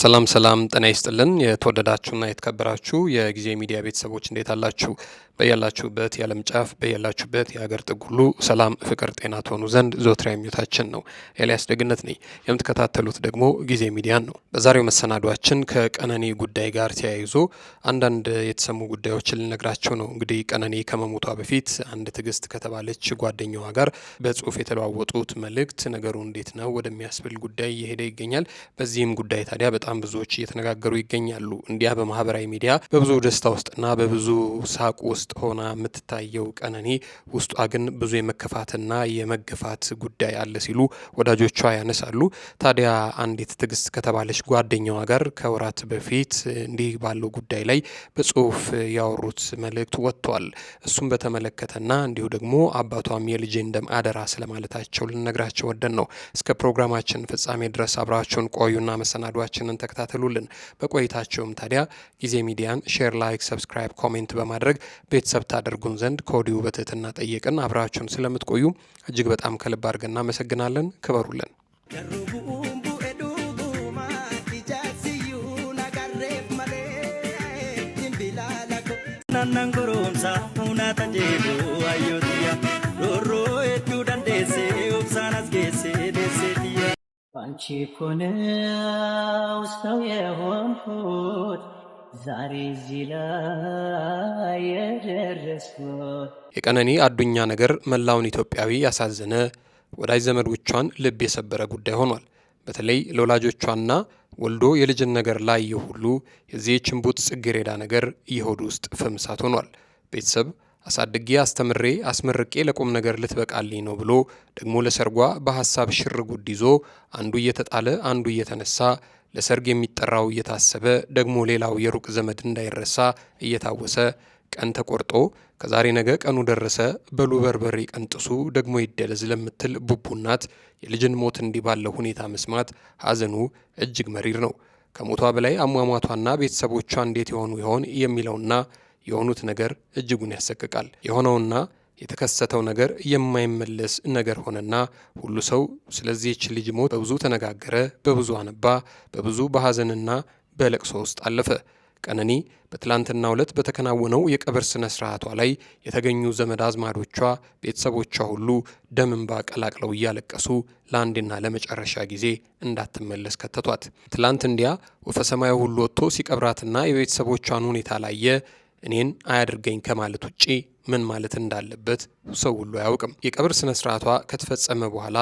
ሰላም ሰላም፣ ጤና ይስጥልን የተወደዳችሁና የተከበራችሁ የጊዜ ሚዲያ ቤተሰቦች እንዴት አላችሁ? በያላችሁበት የዓለም ጫፍ በያላችሁበት የሀገር ጥግ ሁሉ ሰላም፣ ፍቅር፣ ጤና ትሆኑ ዘንድ ዘወትር ምኞታችን ነው። ኤልያስ ደግነት ነኝ። የምትከታተሉት ደግሞ ጊዜ ሚዲያን ነው። በዛሬው መሰናዷችን ከቀነኒ ጉዳይ ጋር ተያይዞ አንዳንድ የተሰሙ ጉዳዮችን ልነግራቸው ነው። እንግዲህ ቀነኒ ከመሞቷ በፊት አንድ ትዕግስት ከተባለች ጓደኛዋ ጋር በጽሁፍ የተለዋወጡት መልእክት ነገሩ እንዴት ነው ወደሚያስብል ጉዳይ እየሄደ ይገኛል። በዚህም ጉዳይ ታዲያ በጣም ብዙዎች እየተነጋገሩ ይገኛሉ። እንዲያ በማህበራዊ ሚዲያ በብዙ ደስታ ውስጥና በብዙ ሳቅ ውስጥ ሆና የምትታየው ቀነኒ ውስጧ ግን ብዙ የመከፋትና የመገፋት ጉዳይ አለ ሲሉ ወዳጆቿ ያነሳሉ። ታዲያ አንዲት ትዕግስት ከተባለች ጓደኛዋ ጋር ከወራት በፊት እንዲህ ባለው ጉዳይ ላይ በጽሁፍ ያወሩት መልእክት ወጥቷል። እሱም በተመለከተና እንዲሁ ደግሞ አባቷም የልጄ እንደም አደራ ስለማለታቸው ልነግራቸው ወደን ነው። እስከ ፕሮግራማችን ፍጻሜ ድረስ አብራችሁን ቆዩና መሰናዷችንን ተከታተሉልን። በቆይታቸውም ታዲያ ጊዜ ሚዲያን ሼር፣ ላይክ፣ ሰብስክራይብ፣ ኮሜንት በማድረግ ቤተሰብ ታደርጉን ዘንድ ከወዲሁ በትህትና ጠየቅን። አብራችሁን ስለምትቆዩ እጅግ በጣም ከልብ አድርገን እናመሰግናለን። ክበሩልን። ኮነው ሰው የሆንኩት ዛሬ እዚህ ላይ የቀነኒ አዱኛ ነገር መላውን ኢትዮጵያዊ ያሳዘነ ወዳጅ ዘመዶቿን ልብ የሰበረ ጉዳይ ሆኗል። በተለይ ለወላጆቿና ወልዶ የልጅን ነገር ላይ የሁሉ የዚህ ችንቡት ጽጌረዳ ነገር የሆድ ውስጥ ፍምሳት ሆኗል። ቤተሰብ አሳድጌ አስተምሬ አስመርቄ ለቁም ነገር ልትበቃልኝ ነው ብሎ ደግሞ ለሰርጓ በሀሳብ ሽር ጉድ ይዞ አንዱ እየተጣለ አንዱ እየተነሳ ለሰርግ የሚጠራው እየታሰበ ደግሞ ሌላው የሩቅ ዘመድ እንዳይረሳ እየታወሰ ቀን ተቆርጦ ከዛሬ ነገ ቀኑ ደረሰ በሉ በርበሬ ቀንጥሱ ደግሞ ይደለዝ ለምትል ቡቡናት የልጅን ሞት እንዲህ ባለው ሁኔታ መስማት ሐዘኑ እጅግ መሪር ነው። ከሞቷ በላይ አሟሟቷና ቤተሰቦቿ እንዴት የሆኑ ይሆን የሚለውና የሆኑት ነገር እጅጉን ያሰቅቃል። የሆነውና የተከሰተው ነገር የማይመለስ ነገር ሆነና ሁሉ ሰው ስለዚህች ልጅ ሞት በብዙ ተነጋገረ፣ በብዙ አነባ፣ በብዙ በሐዘንና በለቅሶ ውስጥ አለፈ። ቀነኒ በትላንትናው ዕለት በተከናወነው የቀብር ስነ ስርዓቷ ላይ የተገኙ ዘመድ አዝማዶቿ፣ ቤተሰቦቿ ሁሉ ደም እንባ ቀላቅለው እያለቀሱ ለአንድና ለመጨረሻ ጊዜ እንዳትመለስ ከተቷት። ትላንት እንዲያ ወፈ ሰማዩ ሁሉ ወጥቶ ሲቀብራትና የቤተሰቦቿን ሁኔታ ላየ እኔን አያድርገኝ ከማለት ውጪ ምን ማለት እንዳለበት ሰው ሁሉ አያውቅም። የቀብር ስነ ስርዓቷ ከተፈጸመ በኋላ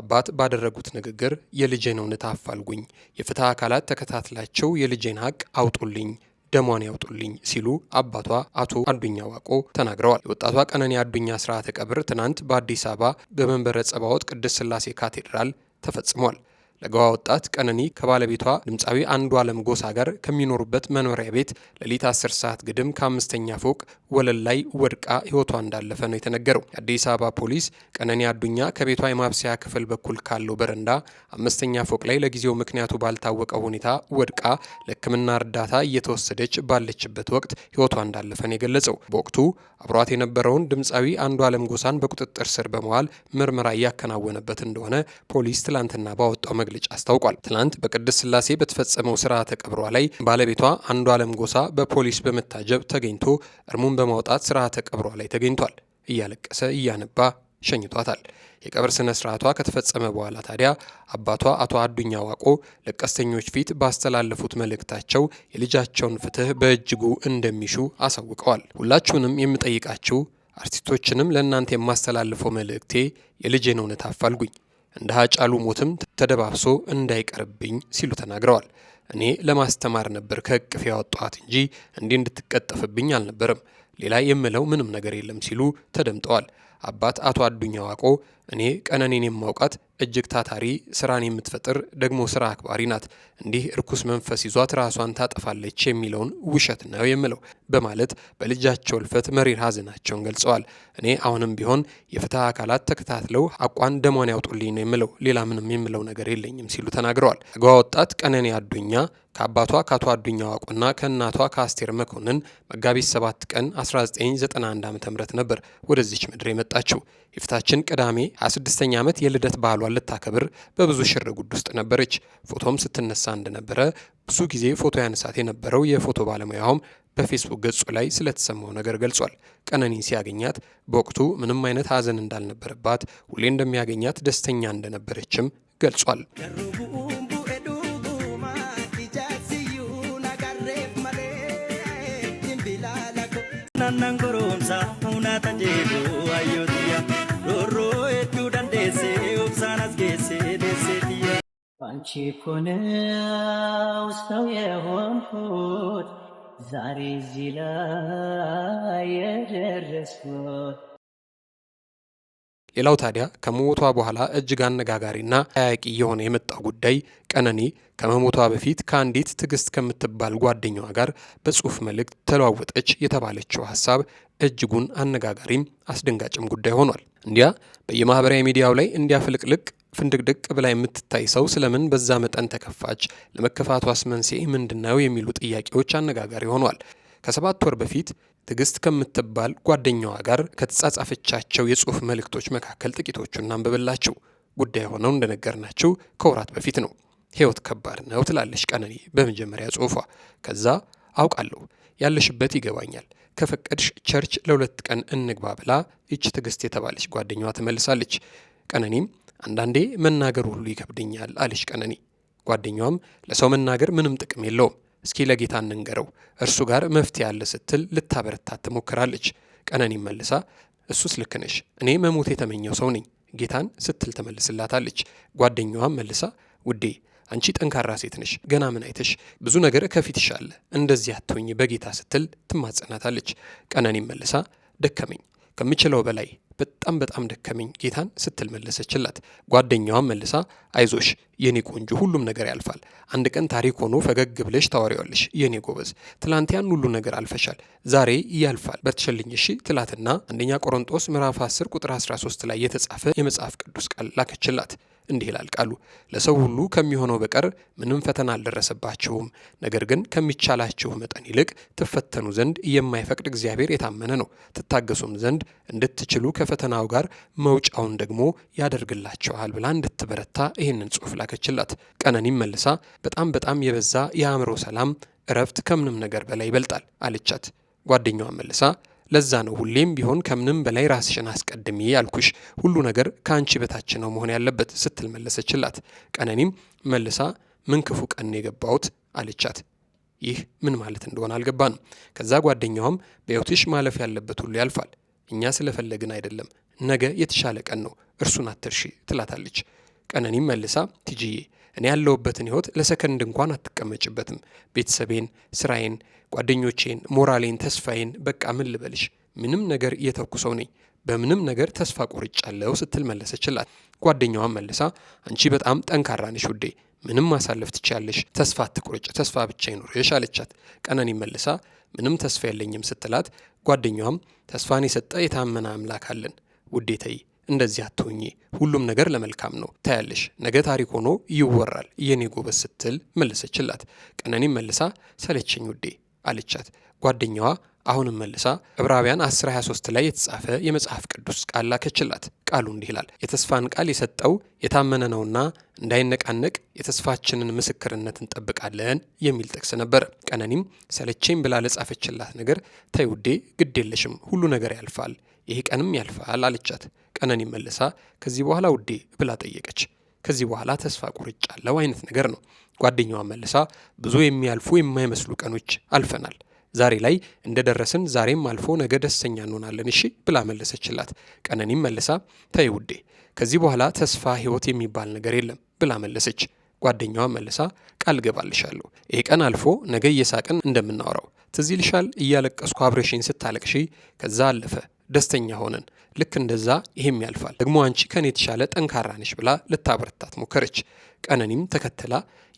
አባት ባደረጉት ንግግር የልጄን እውነት አፋልጉኝ፣ የፍትህ አካላት ተከታትላቸው የልጄን ሀቅ አውጡልኝ ደሟን ያውጡልኝ ሲሉ አባቷ አቶ አዱኛ ዋቆ ተናግረዋል። የወጣቷ ቀነኒ አዱኛ ስርዓተ ቀብር ትናንት በአዲስ አበባ በመንበረ ጸባዖት ቅድስት ስላሴ ካቴድራል ተፈጽሟል። ለገዋ ወጣት ቀነኒ ከባለቤቷ ድምፃዊ አንዱ አለም ጎሳ ጋር ከሚኖሩበት መኖሪያ ቤት ሌሊት 10 ሰዓት ግድም ከአምስተኛ ፎቅ ወለል ላይ ወድቃ ህይወቷ እንዳለፈ ነው የተነገረው። የአዲስ አበባ ፖሊስ ቀነኒ አዱኛ ከቤቷ የማብሰያ ክፍል በኩል ካለው በረንዳ አምስተኛ ፎቅ ላይ ለጊዜው ምክንያቱ ባልታወቀ ሁኔታ ወድቃ ለሕክምና እርዳታ እየተወሰደች ባለችበት ወቅት ህይወቷ እንዳለፈ ነው የገለጸው። በወቅቱ አብሯት የነበረውን ድምፃዊ አንዱ አለም ጎሳን በቁጥጥር ስር በመዋል ምርመራ እያከናወነበት እንደሆነ ፖሊስ ትላንትና ባወጣው መግለጫ አስታውቋል። ትናንት በቅድስት ስላሴ በተፈጸመው ስርዓተ ቀብሯ ላይ ባለቤቷ አንዱ አለም ጎሳ በፖሊስ በመታጀብ ተገኝቶ እርሙን በማውጣት ስርዓተ ቀብሯ ላይ ተገኝቷል። እያለቀሰ እያነባ ሸኝቷታል። የቀብር ስነ ስርዓቷ ከተፈጸመ በኋላ ታዲያ አባቷ አቶ አዱኛ ዋቆ ለቀስተኞች ፊት ባስተላለፉት መልእክታቸው የልጃቸውን ፍትህ በእጅጉ እንደሚሹ አሳውቀዋል። ሁላችሁንም የምጠይቃችሁ አርቲስቶችንም ለእናንተ የማስተላልፈው መልእክቴ የልጄን እውነት አፋልጉኝ እንደ ሀጫሉ ሞትም ተደባብሶ እንዳይቀርብኝ ሲሉ ተናግረዋል። እኔ ለማስተማር ነበር ከእቅፍ ያወጣት እንጂ እንዲህ እንድትቀጠፍብኝ አልነበረም። ሌላ የምለው ምንም ነገር የለም ሲሉ ተደምጠዋል። አባት አቶ አዱኛ ዋቆ እኔ ቀነኔን የማውቃት እጅግ ታታሪ፣ ስራን የምትፈጥር ደግሞ ስራ አክባሪ ናት። እንዲህ እርኩስ መንፈስ ይዟት ራሷን ታጠፋለች የሚለውን ውሸት ነው የምለው በማለት በልጃቸው እልፈት መሪር ሀዘናቸውን ገልጸዋል። እኔ አሁንም ቢሆን የፍትህ አካላት ተከታትለው አቋን ደሟን ያውጡልኝ ነው የምለው፣ ሌላ ምንም የምለው ነገር የለኝም ሲሉ ተናግረዋል። አገዋ ወጣት ቀነኔ አዱኛ ከአባቷ ከአቶ አዱኛ ዋቁና ከእናቷ ከአስቴር መኮንን መጋቢት 7 ቀን 1991 ዓ ም ነበር ወደዚች ምድር የመጣችው። የፊታችን ቅዳሜ 26ኛ ዓመት የልደት በዓሉ በዓሏን ልታከብር በብዙ ሽር ጉድ ውስጥ ነበረች። ፎቶም ስትነሳ እንደነበረ ብዙ ጊዜ ፎቶ ያነሳት የነበረው የፎቶ ባለሙያውም በፌስቡክ ገጹ ላይ ስለተሰማው ነገር ገልጿል። ቀነኒን ሲያገኛት በወቅቱ ምንም አይነት ሐዘን እንዳልነበረባት፣ ሁሌ እንደሚያገኛት ደስተኛ እንደነበረችም ገልጿል። ናናንጎሮምሳ ሁናተንጄዱ አዮት አንቺ እኮ ነው ሰው የሆንኩት ዛሬ እዚህ ላይ የደረስኩት። ሌላው ታዲያ ከመሞቷ በኋላ እጅግ አነጋጋሪና ጠያቂ የሆነ የመጣው ጉዳይ ቀነኒ ከመሞቷ በፊት ከአንዲት ትዕግስት ከምትባል ጓደኛዋ ጋር በጽሁፍ መልእክት ተለዋወጠች የተባለችው ሀሳብ እጅጉን አነጋጋሪም አስደንጋጭም ጉዳይ ሆኗል። እንዲያ በየማህበራዊ ሚዲያው ላይ እንዲያፍልቅልቅ ፍንድቅድቅ ብላ የምትታይ ሰው ስለምን በዛ መጠን ተከፋች? ለመከፋቷስ መንስኤ ምንድነው? የሚሉ ጥያቄዎች አነጋጋሪ ሆኗል። ከሰባት ወር በፊት ትዕግስት ከምትባል ጓደኛዋ ጋር ከተጻጻፈቻቸው የጽሁፍ መልእክቶች መካከል ጥቂቶቹን እናንብበላችሁ። ጉዳይ ሆነው እንደነገርናችሁ ከወራት በፊት ነው። ህይወት ከባድ ነው ትላለች ቀነኒ በመጀመሪያ ጽሁፏ። ከዛ አውቃለሁ ያለሽበት ይገባኛል፣ ከፈቀድሽ ቸርች ለሁለት ቀን እንግባ ብላ ይች ትዕግስት የተባለች ጓደኛዋ ትመልሳለች። ቀነኒም አንዳንዴ መናገር ሁሉ ይከብደኛል አለች ቀነኒ። ጓደኛዋም ለሰው መናገር ምንም ጥቅም የለውም፣ እስኪ ለጌታ እንንገረው፣ እርሱ ጋር መፍትሄ አለ ስትል ልታበረታት ትሞክራለች። ቀነኒ መልሳ እሱስ ልክ ነሽ፣ እኔ መሞት የተመኘው ሰው ነኝ ጌታን ስትል ትመልስላታለች። ጓደኛዋም መልሳ ውዴ አንቺ ጠንካራ ሴት ነሽ፣ ገና ምን አይተሽ ብዙ ነገር ከፊትሽ አለ፣ እንደዚህ አትሆኝ በጌታ ስትል ትማጸናታለች። ቀነኒ መልሳ ደከመኝ ከምችለው በላይ በጣም በጣም ደከመኝ ጌታን ስትል መለሰችላት። ጓደኛዋን መልሳ አይዞሽ የኔ ቆንጆ ሁሉም ነገር ያልፋል፣ አንድ ቀን ታሪክ ሆኖ ፈገግ ብለሽ ታወሪዋለሽ የኔ ጎበዝ፣ ትላንት ያን ሁሉ ነገር አልፈሻል፣ ዛሬ ያልፋል በትሸልኝ እሺ ትላትና አንደኛ ቆሮንጦስ ምዕራፍ 10 ቁጥር 13 ላይ የተጻፈ የመጽሐፍ ቅዱስ ቃል ላከችላት። እንዲህ ይላል ቃሉ። ለሰው ሁሉ ከሚሆነው በቀር ምንም ፈተና አልደረሰባችሁም። ነገር ግን ከሚቻላችሁ መጠን ይልቅ ትፈተኑ ዘንድ የማይፈቅድ እግዚአብሔር የታመነ ነው። ትታገሱም ዘንድ እንድትችሉ ከፈተናው ጋር መውጫውን ደግሞ ያደርግላችኋል ብላ እንድትበረታ ይህንን ጽሑፍ ላከችላት። ቀነኒም መልሳ በጣም በጣም የበዛ የአእምሮ ሰላም እረፍት ከምንም ነገር በላይ ይበልጣል አለቻት። ጓደኛዋ መልሳ ለዛ ነው ሁሌም ቢሆን ከምንም በላይ ራስሽን አስቀድሜ ያልኩሽ፣ ሁሉ ነገር ከአንቺ በታች ነው መሆን ያለበት ስትል መለሰችላት። ቀነኒም መልሳ ምን ክፉ ቀን የገባሁት አለቻት። ይህ ምን ማለት እንደሆነ አልገባንም። ከዛ ጓደኛዋም በየውትሽ ማለፍ ያለበት ሁሉ ያልፋል፣ እኛ ስለፈለግን አይደለም፣ ነገ የተሻለ ቀን ነው፣ እርሱን አትርሺ ትላታለች። ቀነኒም መልሳ ትጅዬ እኔ ያለሁበትን ህይወት ለሰከንድ እንኳን አትቀመጭበትም። ቤተሰቤን፣ ስራዬን፣ ጓደኞቼን፣ ሞራሌን፣ ተስፋዬን በቃ ምን ልበልሽ ምንም ነገር እየተኩሰው ነኝ። በምንም ነገር ተስፋ ቆርጫለሁ ስትል መለሰችላት። ጓደኛዋን መልሳ አንቺ በጣም ጠንካራ ነሽ ውዴ ምንም ማሳለፍ ትችያለሽ፣ ተስፋ አትቁርጭ፣ ተስፋ ብቻ ይኑርሽ አለቻት። ቀነኒ መልሳ ምንም ተስፋ የለኝም ስትላት ጓደኛዋም ተስፋን የሰጠ የታመነ አምላክ አለን ውዴ ተይ እንደዚህ አትሁኚ፣ ሁሉም ነገር ለመልካም ነው ታያለሽ፣ ነገ ታሪክ ሆኖ ይወራል የኔ ጎበዝ ስትል መለሰችላት። ቀነኒም መልሳ ሰለቸኝ ውዴ አለቻት። ጓደኛዋ አሁንም መልሳ ዕብራውያን 10፥23 ላይ የተጻፈ የመጽሐፍ ቅዱስ ቃል ላከችላት። ቃሉ እንዲህ ይላል፣ የተስፋን ቃል የሰጠው የታመነ ነውና እንዳይነቃነቅ የተስፋችንን ምስክርነት እንጠብቃለን የሚል ጥቅስ ነበር። ቀነኒም ሰለቼም ብላ ለጻፈችላት ነገር ተይውዴ ግድ የለሽም ሁሉ ነገር ያልፋል፣ ይሄ ቀንም ያልፋል አለቻት። ቀነኒም መልሳ ከዚህ በኋላ ውዴ ብላ ጠየቀች። ከዚህ በኋላ ተስፋ ቁርጫለው አይነት ነገር ነው። ጓደኛዋ መልሳ ብዙ የሚያልፉ የማይመስሉ ቀኖች አልፈናል ዛሬ ላይ እንደደረስን ዛሬም አልፎ ነገ ደስተኛ እንሆናለን እሺ ብላ መለሰችላት። ቀነኒም መልሳ ተይ ውዴ፣ ከዚህ በኋላ ተስፋ ህይወት የሚባል ነገር የለም ብላ መለሰች። ጓደኛዋ መልሳ ቃል ገባልሻለሁ ይሄ ቀን አልፎ ነገ እየሳቅን እንደምናወራው ትዝ ይልሻል እያለቀስኩ አብሬሽን ስታለቅሺ ከዛ አለፈ ደስተኛ ሆነን ልክ እንደዛ ይሄም ያልፋል ደግሞ አንቺ ከኔ የተሻለ ጠንካራ ነሽ ብላ ልታበረታት ሞከረች። ቀነኒም ተከትላ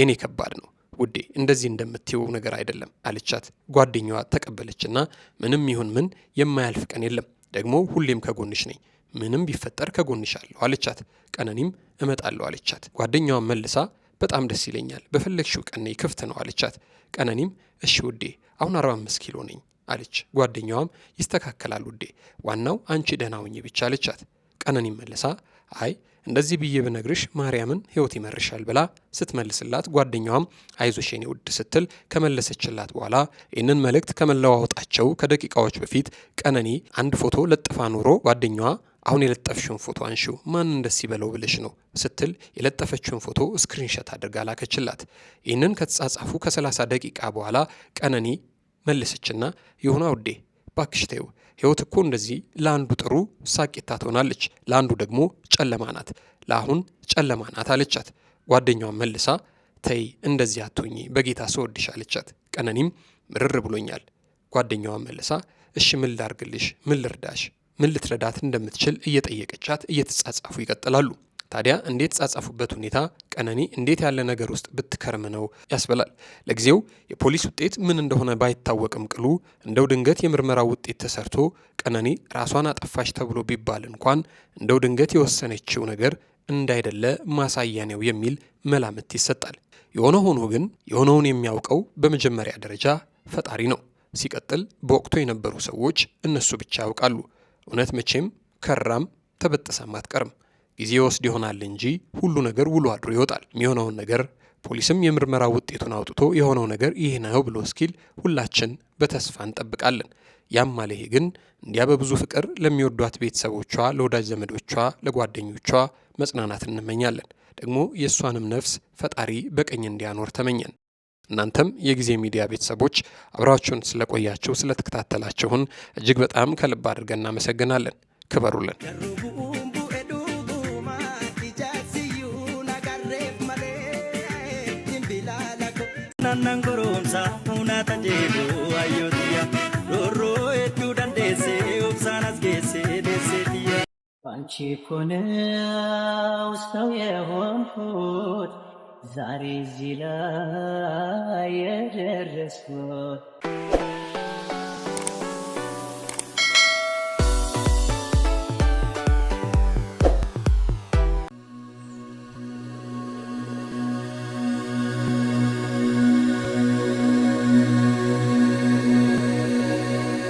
የኔ ከባድ ነው ውዴ እንደዚህ እንደምትየው ነገር አይደለም አለቻት። ጓደኛዋ ተቀበለችና ምንም ይሁን ምን የማያልፍ ቀን የለም፣ ደግሞ ሁሌም ከጎንሽ ነኝ፣ ምንም ቢፈጠር ከጎንሽ አለሁ አለቻት። ቀነኒም እመጣለሁ አለቻት። ጓደኛዋ መልሳ በጣም ደስ ይለኛል፣ በፈለግሽው ቀን ክፍት ነው አለቻት። ቀነኒም እሺ ውዴ አሁን 45 ኪሎ ነኝ አለች። ጓደኛዋም ይስተካከላል ውዴ፣ ዋናው አንቺ ደህና ሁኚ ብቻ አለቻት። ቀነኒም መልሳ አይ እንደዚህ ብዬ ብነግርሽ ማርያምን ህይወት ይመርሻል ብላ ስትመልስላት ጓደኛዋም አይዞሽ የኔ ውድ ስትል ከመለሰችላት በኋላ ይህንን መልእክት ከመለዋወጣቸው ከደቂቃዎች በፊት ቀነኒ አንድ ፎቶ ለጥፋ ኑሮ ጓደኛዋ አሁን የለጠፍሽውን ፎቶ አንሺው ማን እንደስ ይበለው ብልሽ ነው ስትል የለጠፈችውን ፎቶ ስክሪንሸት አድርጋ ላከችላት። ይህንን ከተጻጻፉ ከ30 ደቂቃ በኋላ ቀነኒ መልሰችና ይሁና ውዴ ባክሽቴው ህይወት እኮ እንደዚህ ለአንዱ ጥሩ ሳቂታ ትሆናለች፣ ለአንዱ ደግሞ ጨለማ ናት። ለአሁን ጨለማ ናት አለቻት። ጓደኛዋን መልሳ ተይ እንደዚህ አትሆኚ፣ በጌታ ስወድሽ አለቻት። ቀነኒም ምርር ብሎኛል። ጓደኛዋን መልሳ እሺ ምን ላርግልሽ? ምን ልርዳሽ? ምን ልትረዳት እንደምትችል እየጠየቀቻት እየተጻጻፉ ይቀጥላሉ። ታዲያ እንዴት ጻጻፉበት ሁኔታ ቀነኒ እንዴት ያለ ነገር ውስጥ ብትከርም ነው ያስበላል። ለጊዜው የፖሊስ ውጤት ምን እንደሆነ ባይታወቅም ቅሉ እንደው ድንገት የምርመራ ውጤት ተሰርቶ ቀነኒ ራሷን አጠፋች ተብሎ ቢባል እንኳን እንደው ድንገት የወሰነችው ነገር እንዳይደለ ማሳያ ነው የሚል መላምት ይሰጣል። የሆነ ሆኖ ግን የሆነውን የሚያውቀው በመጀመሪያ ደረጃ ፈጣሪ ነው። ሲቀጥል በወቅቱ የነበሩ ሰዎች እነሱ ብቻ ያውቃሉ። እውነት መቼም ከራም ተበጠሰም አትቀርም። ጊዜ ወስድ ይሆናል እንጂ ሁሉ ነገር ውሎ አድሮ ይወጣል። የሚሆነውን ነገር ፖሊስም የምርመራ ውጤቱን አውጥቶ የሆነው ነገር ይህ ነው ብሎ እስኪል ሁላችን በተስፋ እንጠብቃለን። ያም ማለሄ ግን እንዲያ በብዙ ፍቅር ለሚወዷት ቤተሰቦቿ፣ ለወዳጅ ዘመዶቿ፣ ለጓደኞቿ መጽናናት እንመኛለን። ደግሞ የእሷንም ነፍስ ፈጣሪ በቀኝ እንዲያኖር ተመኘን። እናንተም የጊዜ ሚዲያ ቤተሰቦች አብራችሁን ስለቆያችሁ ስለተከታተላችሁን እጅግ በጣም ከልብ አድርገን እናመሰግናለን። ክበሩልን። aannan goromsa hunaata jeedu ayyootiya roorroo hedduu dandeesse obsaan as geesse deesseetiya በአንቺ እኮ ነው ሰው የሆንኩት ዛሬ እዚህ ላይ የደረስኩት